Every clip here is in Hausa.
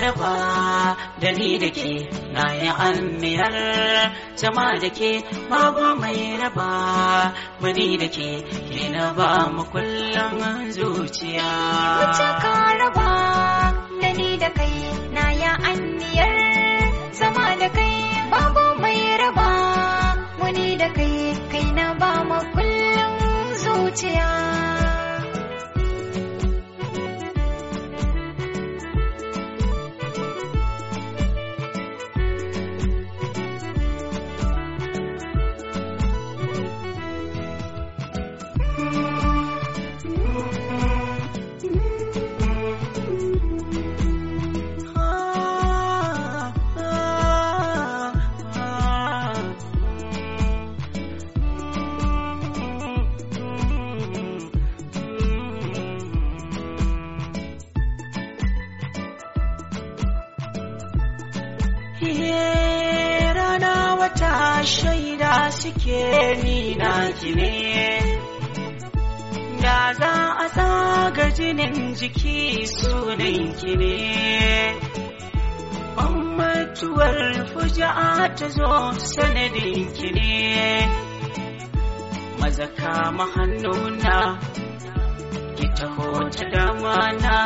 raba da ni da ke na yi almirar zama da ke babu mai raba ni da ke ke na ba mu kullum zuciya Wace ka raba da ni da kai na yi anniyar zama da kai babu mai raba wani da kai kai na ba mu kullum zuciya ni na ne da za a ga jinin jiki sunan ki ne mutuwar fuja'a ta zo sanadin ki ne mazaka mahannuna ki taho ta damana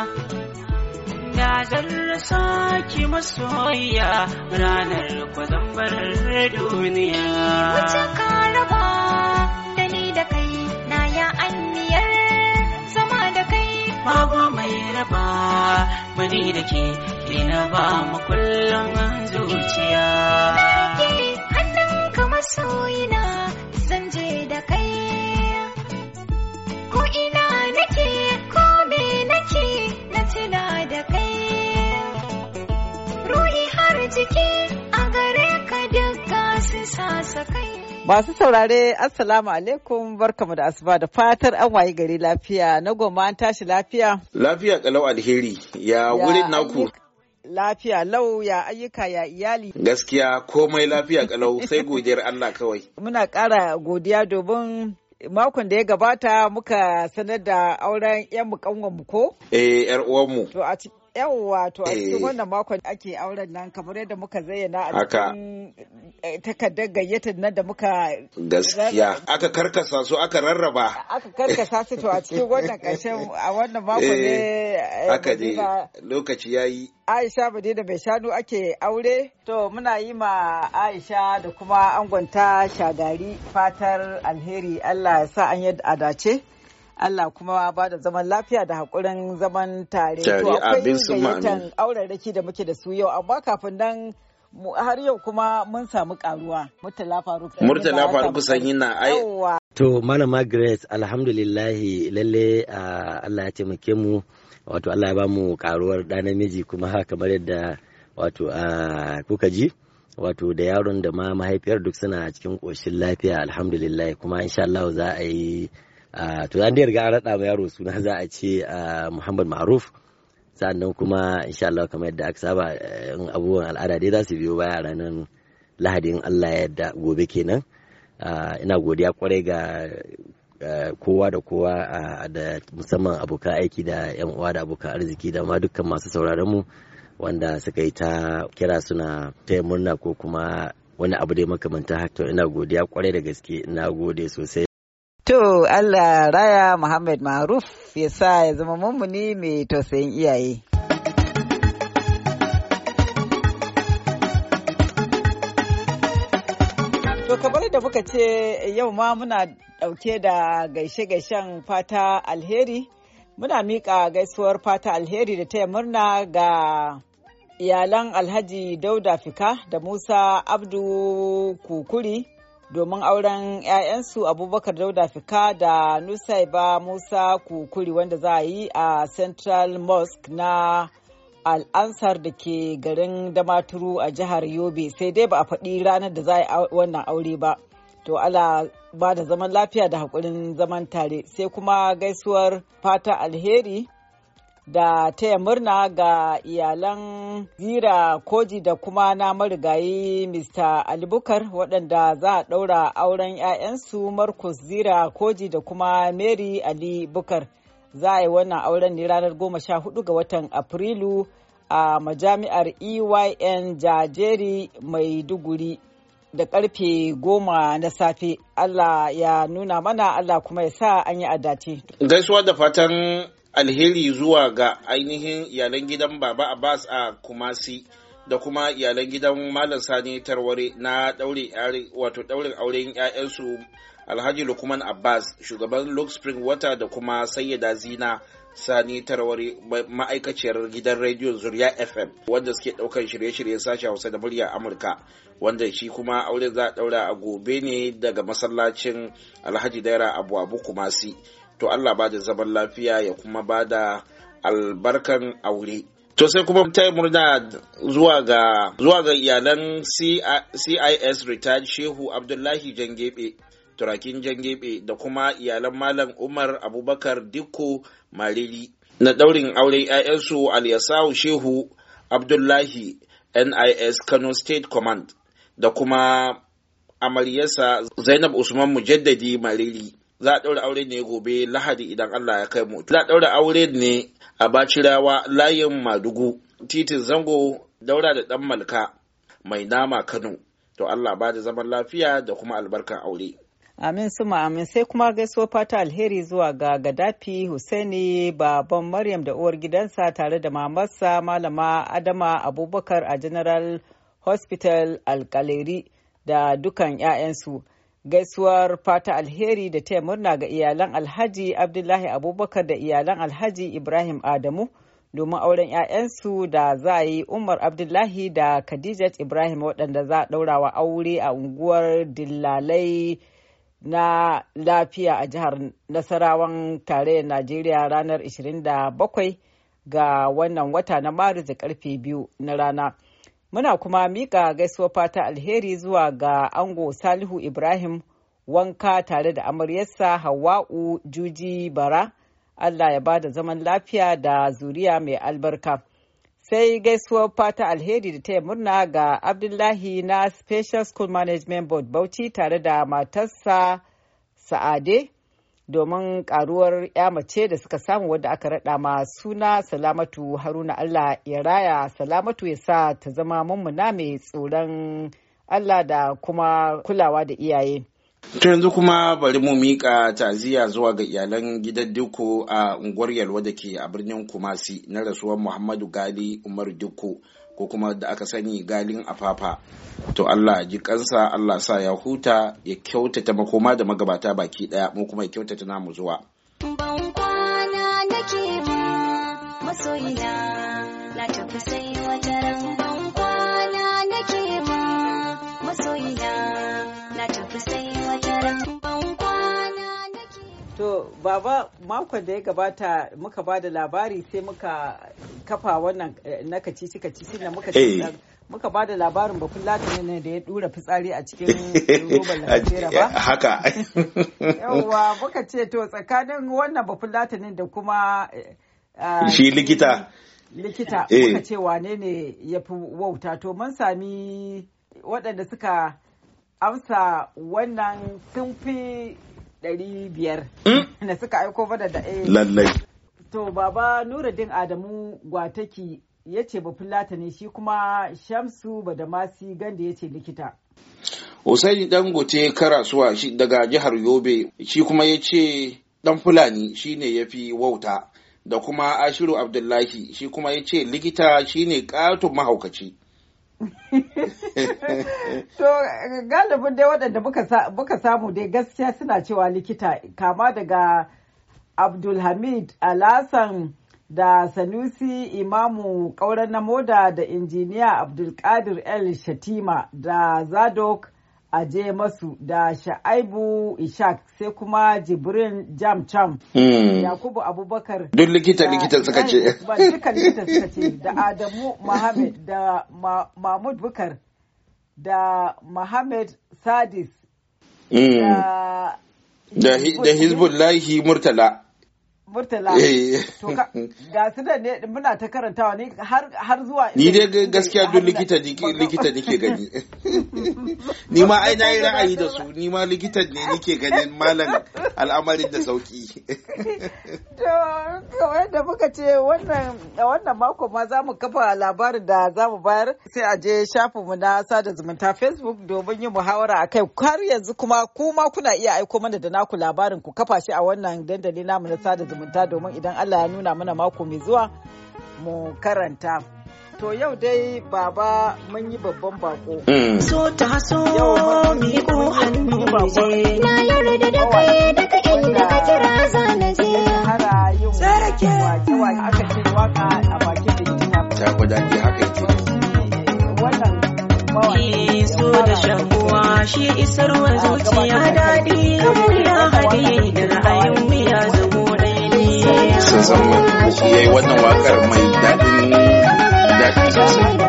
da zan saki masoya ranar kwazambar duniya. Wuce ka raba da ni da kai na ya anniyar zama da kai. Babu mai raba mani da ke ke na ba mu kullum zuciya. Na ke hannun ka Masu saurare Assalamu alaikum barkamu da asuba da fatar an wayi gari lafiya na goma an tashi lafiya. Lafiya kalau alheri ya wurin naku. Lafiya lau ya ayyuka ya iyali. Gaskiya komai lafiya kalau sai godiyar Allah kawai. Muna kara godiya domin makon da ya gabata muka sanar da auren yan mu ko? Eh yar uwanmu. To a yawwa to a cikin eh. wannan makon ake auren nan kamar yadda muka zayyana a cikin eh, takardar gayyatar nan da muka gaskiya aka karkasa su aka rarraba aka karkasa su to a cikin wannan ƙarshen a wannan makon ne eh, aka ne lokaci yayi Aisha da mai shanu ake aure to muna yi ma Aisha da kuma angonta shagari fatar alheri Allah ya sa an yadda a dace Allah kuma ba da zaman lafiya da haƙurin zaman tare. Tare abin su ma'amin. da muke da su yau amma kafin nan har yau kuma mun samu karuwa. Murtala Faruk. Murtala Faruk sanyi na ai. To Malama Grace alhamdulillahi lalle Allah ya taimake mu wato Allah ya ba mu karuwar ɗa namiji kuma haka kamar yadda wato kuka ji. wato da yaron da ma mahaifiyar duk suna cikin ƙoshin lafiya alhamdulillahi kuma insha Allah za a yi to an dai riga an raɗa ma yaro suna za a ce muhammad maruf sannan kuma insha Allah kamar yadda aka saba eh, in abubuwan al'ada dai za su biyo baya ranar lahadin Allah yadda gobe kenan ina godiya kwarai ga eh, kowa da kowa da musamman abokan aiki da yan uwa da abokan arziki da ma dukkan masu sauraron mu wanda suka yi ta kira suna taya murna ko kuma wani abu dai makamanta haka ina godiya kwarai da gaske ina gode sosai To Allah raya Muhammad Maruf ya sa ya zama mummuni mai tausayin iyaye. To kabar da muka ce yau ma muna ɗauke da gaishe-gaishen fata alheri. Muna miƙa gaisuwar fata alheri da taya murna ga iyalan Alhaji Dauda Fika da Musa Abdu Kukuri. domin auren 'ya'yansu abubakar dauda fika da nusaiba musa kukuri wanda za a yi a central mosque na al'ansar da ke garin damaturu a jihar yobe sai dai ba a faɗi ranar da za a yi wannan aure ba to ala ba da zaman lafiya da haƙurin zaman tare sai kuma gaisuwar fata alheri da taya murna ga iyalan zira koji da kuma na marigayi mr alibukar waɗanda za a ɗaura auren 'ya'yansu marcus zira koji da kuma mary ali bukar za a yi wannan auren ne ranar 14 ga watan afrilu a majami'ar eyn jajeri Mai duguri da karfe goma na safe Allah ya nuna mana Allah kuma ya sa an yi adace. Gaisuwa da fatan alheri zuwa ga ainihin iyalan gidan baba abbas a kumasi da kuma iyalan gidan malam sani tarware na daure wato daurin auren 'ya'yansu alhaji lukman abbas shugaban luke spring water da kuma sayyada zina sani tarware ma'aikaciyar gidan rediyon zuriya fm wanda suke ɗaukar shirye-shirye sashi hausa da murya amurka wanda shi kuma auren za a daura a gobe ne daga masallacin alhaji daira abu abu kumasi to Allah ba da zaman lafiya ya kuma ba da albarkan aure to sai kuma ta yi murna zuwa ga zuwa ga iyalan CIS retired Shehu Abdullahi Jangebe turakin Jangebe da kuma iyalan Malam Umar Abubakar Dikko Mariri na daurin aure 'ya'yansu Aliyasawu Shehu Abdullahi NIS Kano State Command da kuma amaryarsa Zainab Usman Mujaddadi Mariri za a ɗaura aure ne gobe lahadi idan Allah ya kai mu. Za a ɗaura aure ne a Bacirawa layin Madugu titin Zango daura da ɗan Malka mai nama Kano. To Allah ba da zaman lafiya da kuma albarkar aure. Amin suma amin sai kuma gaisuwa fata alheri zuwa ga Gadafi Husaini baban Maryam da uwar gidansa tare da mamarsa malama Adama Abubakar a General Hospital Alkaleri da dukan 'ya'yansu. gaisuwar fata alheri da taya murna ga iyalan alhaji abdullahi abubakar da iyalan alhaji ibrahim adamu domin auren 'ya'yansu da za a yi umar abdullahi da khadijat ibrahim waɗanda za a ɗaurawa aure a unguwar dillalai na lafiya a jihar nasarawan tarayyar najeriya ranar 27 ga wannan wata na maris da karfe biyu na rana Muna kuma miƙa gaisuwar fata alheri zuwa ga ango Salihu Ibrahim wanka tare da amaryarsa Hawa'u Juji Bara. Allah ya ba da zaman lafiya da zuriya mai albarka. Sai gaisuwar fata alheri da ta yi murna ga Abdullahi na Special School Management Board Bauchi tare da matarsa Sa'ade domin karuwar ya mace da suka samu wadda aka rada ma suna salamatu haruna allah ya raya salamatu ya sa ta zama mummuna mai tsoron allah da kuma kulawa da iyaye To yanzu kuma bari mu miƙa ta'aziyya zuwa ga iyalan gidan Dikko a unguwar Yalwa da ke a birnin Kumasi na rasuwar Muhammadu Gali Umar Dikko ko kuma da aka sani galin afafa to Allah ji kansa Allah sa ya huta ya kyautata makoma da magabata baki daya mu kuma ya kyautata namu zuwa ban kwana nake To, baba makon da ya gabata muka ba da labari sai muka kafa wannan eh, na kacici kacici na muka muka ba da labarin bakun latinin ne da ya dura fitsari a cikin roban eh, lafiyar ba. Haka. Yawwa muka ce to tsakanin wannan bakun da kuma. Eh, ah, Shi likita. Likita muka ce wane ne ya fi wauta to mun sami waɗanda suka amsa wannan sun fi ɗari biyar mm. da suka aiko ba da eh. lallai to baba nuruddin adamu gwataki ya ce bafulata ne shi kuma shamsu badamasi ganda ya ce likita Hussein Dangote Karasuwa shi daga jihar Yobe shi kuma ya ce dan Fulani shi ne ya fi wauta da kuma Ashiru Abdullahi shi kuma ya ce likita shi ne ƙaton mahaukaci. to galibin dai waɗanda muka samu dai gaskiya suna cewa likita kama daga abdulhamid alasan da sanusi imamu ƙauren moda da injiniya abdulkadir el shatima da zadok a je masu da sha'aibu ishak sai kuma jibrin jam cham hmm. yakubu abubakar duk likita likita suka ce ba duka likita suka ce da adamu mohamed da mahmud bukar da mohamed sadis hmm. da hizbullahi murtala Murtala. Eh. To ga su da ne muna ta karantawa ne har zuwa. Ni dai gaskiya duk likita likita nike gani. Ni ma ai nayi ra'ayi da su ni ma likitan ne nike ganin malam al'amarin da sauki. To kawai da muka ce wannan wannan mako ma za mu kafa labarin da za mu bayar sai a je shafinmu na sada zumunta Facebook domin yin muhawara a kai har yanzu kuma kuma kuna iya aiko mana da naku labarin ku kafa shi a wannan dandali namu na sada zumunta. zumunta domin idan Allah ya nuna mana mako mai zuwa mu karanta. To yau dai baba mun yi babban bako. Hmm. So ta mi hannu je. Na da kai daga ka zana je. Eh, so da shi zuciya daɗi kamar ya haɗe da ra'ayin ya zama. musamman shi ya yi wannan wakar mai daɗin daɗi sosai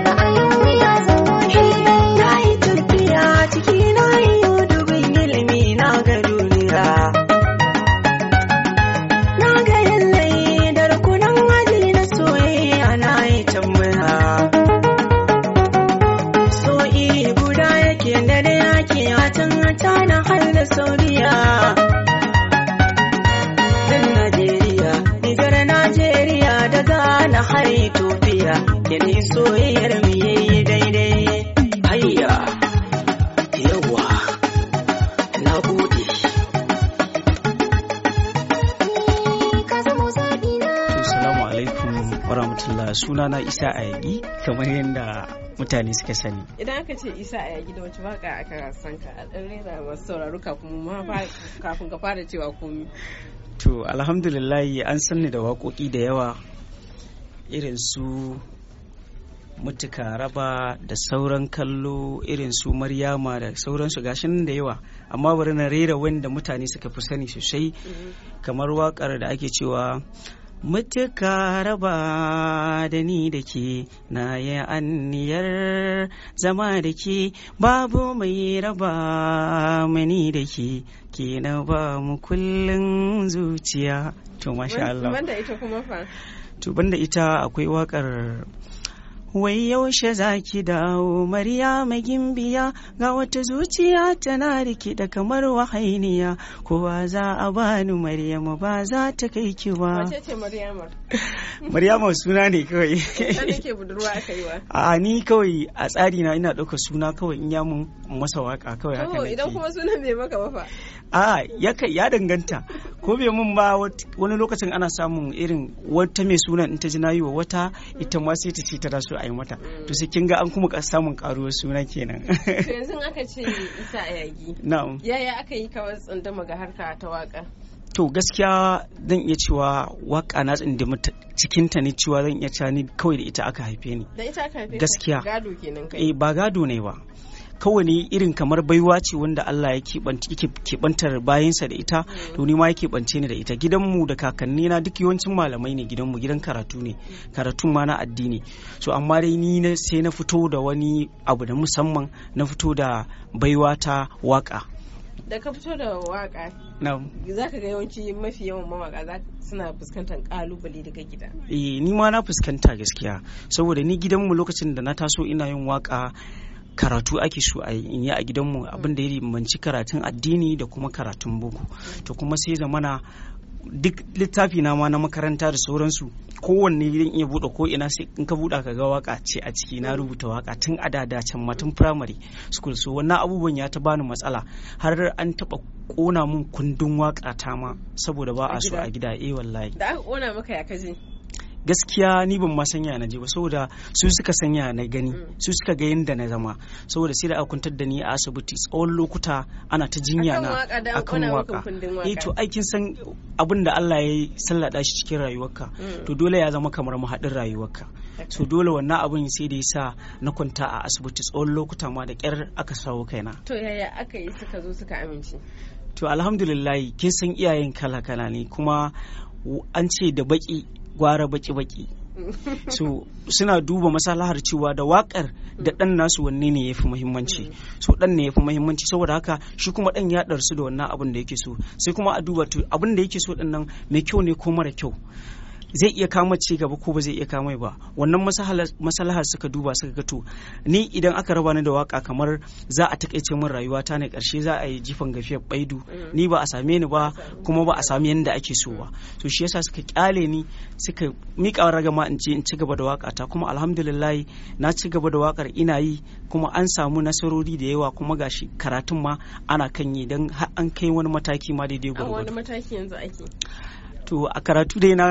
Yanayi soyayyar mu yayi daidai hayya yawa na gode Assalamu alaikum warahmatullahi sunana Isa Ayagi kamar yadda mutane suka sani. Idan aka ce Isa a yagi da wacce waka aka san ka a ɗan rera masu sauraro kafin ma kafin ka fara cewa komi. To alhamdulillahi an sanni da waƙoƙi da yawa irin su mutuka raba da sauran kallo irin su maryama da sauransu gashin da yawa amma bari na rera wanda mutane suka fi sani sosai mm-hmm. kamar wakar da ake cewa mutuka raba da ni da ke na yi anniyar zama da ke babu mai raba mani da ke ke na ba mu kullum zuciya to masha Allah to banda ita akwai wakar Wai yaushe za ki dawo Mariya gimbiya ga wata zuciya tana rikida kamar wahainiya kowa za a bani Maryama ba za ta kai ki ba. Maryama suna ne kawai. A ni kawai a tsari na ina ɗauka suna kawai in ya masa waka kawai haka oh, nake. idan kuma sunan bai maka ba fa. A ya danganta ko bai mun ba wani lokacin ana samun irin wata mai sunan in ta ji na yi wa wata ita ma sai ta ce ta rasu a yi mata to sai kin ga an kuma samun karuwar suna kenan yanzu aka ce isa yagi na'am yaya aka yi kawai tsundama ga harka ta waka to gaskiya zan iya cewa waka na tsin da cikin ta ne cewa zan iya cewa ni kawai da ita aka haife ni da ita aka haife gaskiya gado kenan kai eh ba gado ne ba kawai ne irin kamar baiwa ce wanda Allah ya keɓantar bayansa da ita mm. to ni ma ya keɓance ni da ita gidanmu da kakanni na duk yawancin malamai ne gidanmu gidan karatu ne mm. karatun ma na addini so amma dai ni sai na fito da wani abu da musamman na fito da baiwa ta waka da ka fito da waka Na za ka ga yawanci mafi yawan mawaka suna fuskantar kalubale daga gida eh ni ma na fuskanta gaskiya saboda ni gidanmu lokacin da na taso ina yin waka karatu ake so a in yi a gidanmu mm. abin da ya manci karatun addini da kuma karatun boko mm. to kuma sai zamana duk littafi na ma na makaranta da sauransu kowanne zan iya buɗe ko ina sai in ka buɗa ka ga waka ce a ciki na rubuta waka tun a da can matan primary school so wannan abubuwan ya ta bani matsala har an taɓa kona mun kundin waka ta ma saboda ba a so a gida eh wallahi da aka kona maka ya kaje. gaskiya ni ban ma sanya na je ba saboda su suka sanya na gani mm. su suka ga yadda na zama saboda sai da aka kuntar da ni a asibiti tsawon lokuta ana ta jinya na akan waka eh to aikin san abin da Allah ya sallada shi cikin rayuwarka mm. to dole ya zama kamar mahadin rayuwarka so dole wannan abin sai da yasa na kwanta a asibiti tsawon lokuta ma da kyar aka sawo kaina to yaya aka yi suka zo suka amince to alhamdulillah kin san iyayen kala kala ne kuma an ce da baki gwara baki-baki so suna duba masalahar cewa da wakar da dan nasu wanne ne yafi muhimmanci so dan ne yafi muhimmanci saboda haka shi kuma dan ya darsu da wannan abin da yake so sai kuma a duba abin da yake so din nan mai kyau ne ko mara kyau zai iya kama ci gaba ko ba zai iya kama ba wannan masalahar suka duba suka gato ni idan aka raba ni da waka kamar za a takaice min rayuwata ne karshe za a yi jifan gafiyar baidu mm. ni ba a same ni ba kuma ba a sami yadda ake so ba to shi yasa suka kyale ni suka mika ragama in ce in ci gaba da waka ta kuma alhamdulillah na ci gaba da wakar ina yi kuma an samu nasarori da yawa kuma gashi karatun ma ana kan yi don an kai wani mataki ma daidai gwargwado wani mataki yanzu ake to a karatu dai na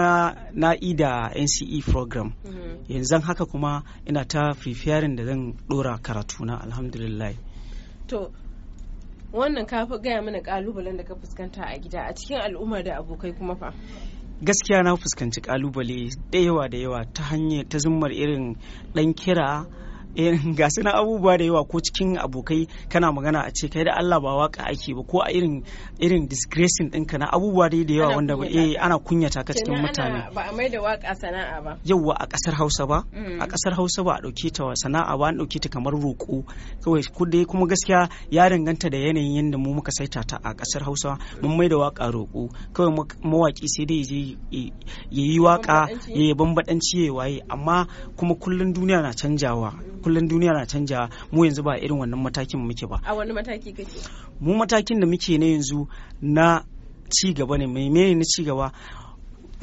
na ida e nce program mm-hmm. yanzu haka kuma ina ta fifiyarin da zan dora karatu na alhamdulillah to wannan ka fi gaya mana kalubalen da ka fuskanta a gida a cikin al'umma da abokai kuma fa gaskiya na fuskanci kalubale da yawa da yawa ta hanyar ta zummar irin dan kira Eh, ga su abubuwa da yawa ko cikin abokai kana magana a ce kai da Allah ba waka ake ba ko a irin irin dinka ɗinka na abubuwa dai da yawa wanda eh ana kunyata ka cikin mutane ba a maida waka sana'a ba yawa a kasar mm. Hausa ba a kasar Hausa ba a dauke ta sana'a ba an dauke ta kamar roƙo kawai ku dai kuma gaskiya ya danganta da yanayin yanda mu muka saita ta a kasar Hausa mun maida waka roƙo kawai mawaki sai dai je yayi waka yayi bambadanci yayi waye amma kuma kullun duniya na canjawa kullum duniya na canja mu yanzu ba irin wannan matakin muke ba a wani mataki kake mu matakin da muke na yanzu na ci gaba ne mai na ci gaba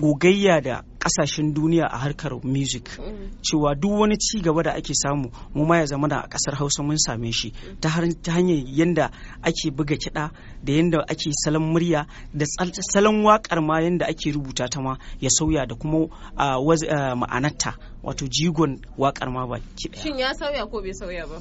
gogayya da kasashen duniya a harkar music mm. cewa duk wani ci gaba da ake samu mu ma ya zama da kasar hausa mun same shi mm. ta hanyar yanda ake buga kiɗa da yadda ake salon murya da salon waƙar ma yadda ake rubuta ta ma ya sauya da kuma ma'anarta wato jigon wakar ma ba. shin ya sauya ko bai sauya ba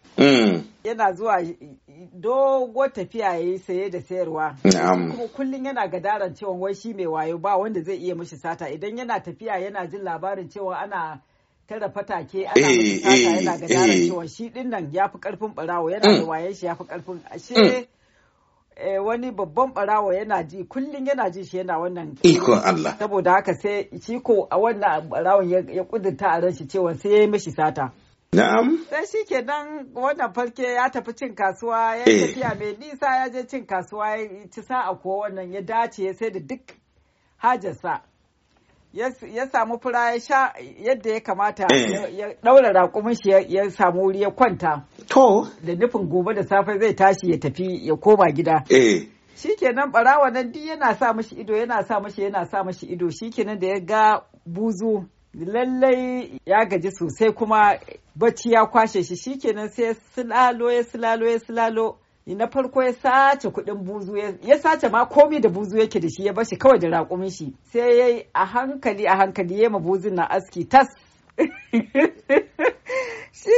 Mm. yana zuwa dogo tafiya ya yi saye da sayarwa kuma kullum yana gadaran cewa wai shi mai wayo ba wanda zai iya mashi sata idan yana tafiya yana jin labarin cewa ana tara fatake ana eh, mashi sata eh, yana gadaran eh. cewa shi din nan ya fi karfin barawo yana da mm. waye shi ya fi karfin ashe mm. wani babban barawo yana ji kullum yana ji shi yana wannan ikon Allah saboda haka sai shi ko wannan barawon ya kudurta a ran shi cewa sai ya yi mashi sata Na'am. Sai shi ke nan wannan falke ya tafi cin kasuwa ya yi eh. tafiya mai nisa ya je cin kasuwa ya ci sa'a ko wannan ya dace ya sai da duk hajarsa. Ya samu fura ya sha yadda ya kamata eh. ya ɗaura raƙumin shi ya samu wuri ya kwanta. To. Da nufin gobe da safe zai tashi ya tafi ya koma gida. Eh. Shi kenan ɓarawa nan duk yana sa mashi ido yana sa mashi yana sa mashi ido shi kenan da ya ga buzu lallai ya gaji sosai kuma bacci ya kwashe shi shikenan sai ya silalo ya silalo ya silalo na farko ya sace kuɗin buzu ya sace ma komi da buzu yake da shi ya bashi kawai da raƙumin shi sai ya yi a hankali a hankali ya ma buzun na aski tas shi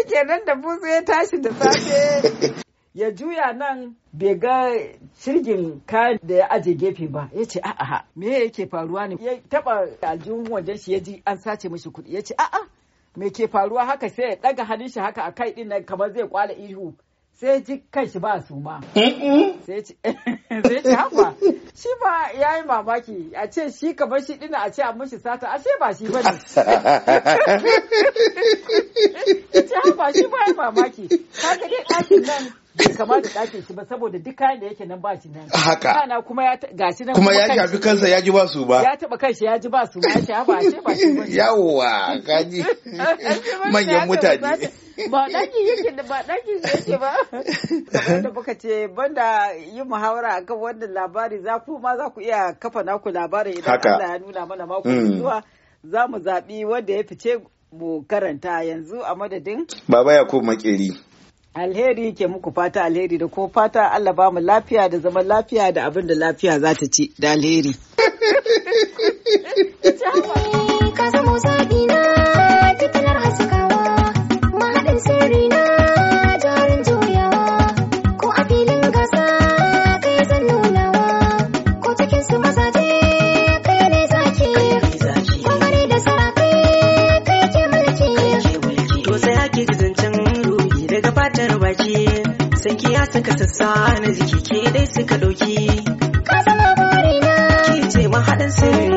da buzu ya tashi da safe ya juya nan bai ga shirgin kayan da ya aje gefe ba ya ce a'a me yake faruwa ne ya taba aljihun wajen shi ya ji an sace mishi kuɗi ya ce a'a me ke faruwa haka sai ya ɗaga hannun shi haka a kai ɗin nan kamar zai kwala ihu sai ji shi ba su ma. Sai ci haka. Shi ba ya yi mamaki a ce shi kamar shi ɗina a ce a mushi sata a ce ba shi ba ne. Ci haka shi ba ya mamaki. Kaga dai ɗakin nan bai kama da ɗakin shi ba saboda duk kayan da yake nan ba shi nan haka kana kuma ya gashi nan kuma ya shafi kansa ya ji ba su ba ya taba kanshi ya ji ba su ba ya ce ba ce ba shi ba yawa kaji manyan mutane ba ɗaki yake da ba ɗaki yake ba kamar da muka ce banda yin muhawara akan wannan labari za ku ma za ku iya kafa naku labarin idan Allah ya nuna mana mako mm. zuwa za mu zaɓi wanda ya fice mu karanta yanzu a madadin baba Yakubu makeri Alheri ke muku fata alheri da ko fata Allah ba mu lafiya da zaman lafiya da abin da lafiya za ta ci da alheri. Ka suka sassa na jiki ke dai suka ɗauki. Ka zama bari na. Ki ce mahaɗin sirri.